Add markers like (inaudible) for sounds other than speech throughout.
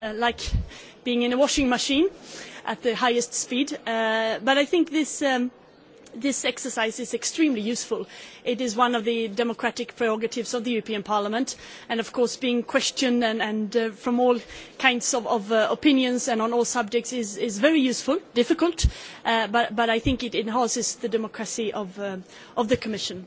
Uh, like being in a washing machine at the highest speed. Uh, but I think this, um, this exercise is extremely useful. It is one of the democratic prerogatives of the European Parliament, and of course being questioned and, and uh, from all kinds of, of uh, opinions and on all subjects is, is very useful, difficult, uh, but, but, I think it enhances the democracy of, of the Commission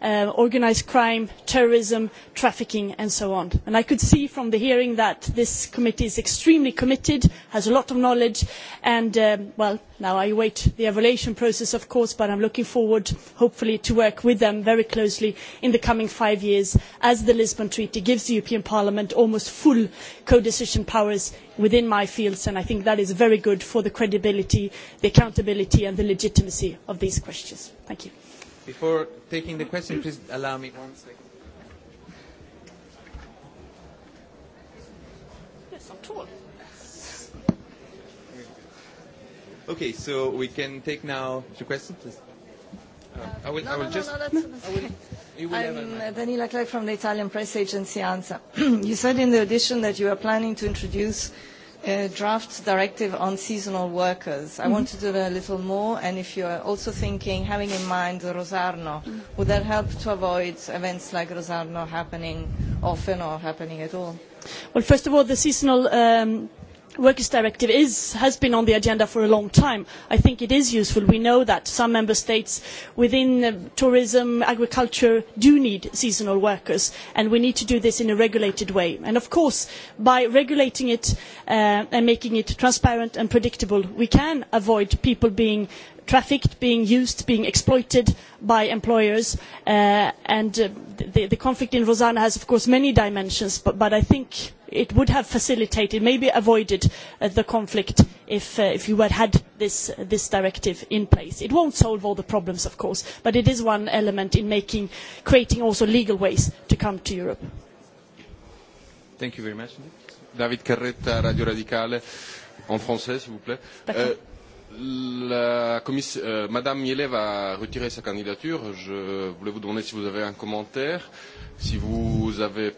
Uh, organised crime, terrorism, trafficking and so on. And I could see from the hearing that this committee is extremely committed, has a lot of knowledge and, um, well, now I await the evaluation process of course, but I am looking forward hopefully to work with them very closely in the coming five years as the Lisbon Treaty gives the European Parliament almost full codecision powers within my fields and I think that is very good for the credibility, the accountability and the legitimacy of these questions. Thank you. Before taking the question, please allow me one second. Yes, I'm tall. Okay, so we can take now the question, please. Uh, I will, no, I no, will no, just. No, no, that's, that's (laughs) I will, I'm uh, Daniela Clerc from the Italian press agency ANSA. (clears throat) you said in the audition that you are planning to introduce Uh, draft directive on seasonal workers. Mm -hmm. I mhm. want to do a little more, and if you are also thinking, having in mind the Rosarno, would that help to avoid events like Rosarno happening often or happening at all? Well, first of all, the seasonal um, workers directive has been on the agenda for a long time. I think it is useful. We know that some member states within uh, tourism, and agriculture do need seasonal workers and we need to do this in a regulated way. And of course, by regulating it uh, and making it transparent and predictable, we can avoid people being trafficked, being used, being exploited by employers. Uh, and the, conflict in Rosanna has, of course, many dimensions, but I think it would have facilitated maybe avoided uh, the conflict uh, if, you had had this, directive in place. it will not solve all the problems of course but it is one element in making, creating also legal ways to come to europe. Euh, euh, a retiré sa Je voulais vous demander si vous avez un commentaire, si vous avez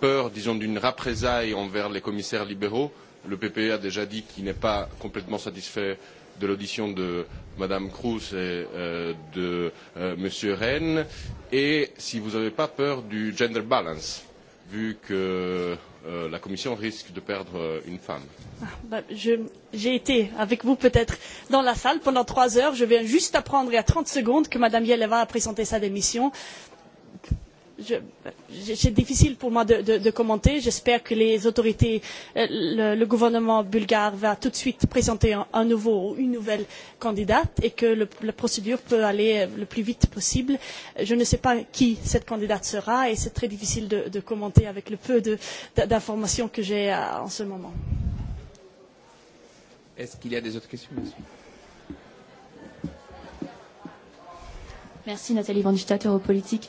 peur, disons, d'une représaille envers les commissaires libéraux. Le PPE a déjà dit qu'il n'est pas complètement satisfait de l'audition de Mme Kroes et euh, de euh, M. Rehn. Et si vous n'avez pas peur du gender balance, vu que euh, la Commission risque de perdre euh, une femme ah, ben, J'ai été avec vous peut-être dans la salle pendant trois heures. Je viens juste apprendre il y a trente secondes que Mme Yeleva a présenté sa démission c'est difficile pour moi de, commenter. J'espère que les autorités, euh, le, gouvernement bulgare va tout de suite présenter un, nouveau ou une nouvelle candidate et que la procédure peut aller euh, le plus vite possible. Je ne sais pas qui cette candidate sera et c'est très difficile de, commenter avec le peu d'informations que j'ai euh, en ce moment. Est-ce qu'il y a des autres questions Merci Nathalie Vandistat, Europolitique.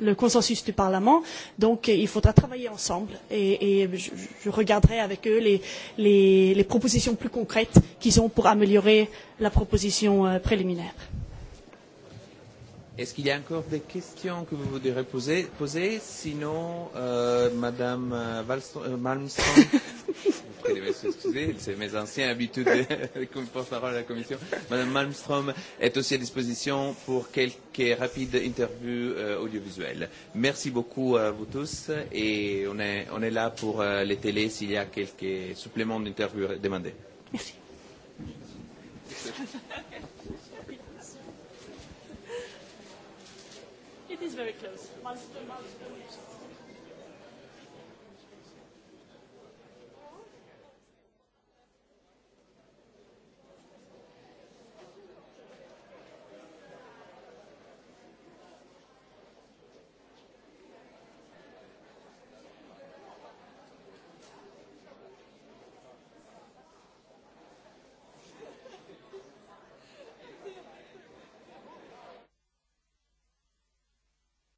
le consensus du Parlement. Donc euh, il faudra travailler ensemble et, et je, je regarderai avec eux les, les, les propositions plus concrètes qu'ils ont pour améliorer la proposition euh, préliminaire. Est-ce qu'il y a encore des questions que vous voudrez poser, poser Sinon, euh, Madame euh, Malmström (laughs) que devait s'excuser. C'est mes anciennes habitudes (laughs) comme porte-parole de la Commission. Madame Malmström est aussi à disposition pour quelques rapides interviews euh, audiovisuelles. Merci beaucoup à vous tous et on est, on est là pour euh, les télés s'il y a quelques suppléments d'interviews demandés. Merci. It is very close. Malmström, Malmström.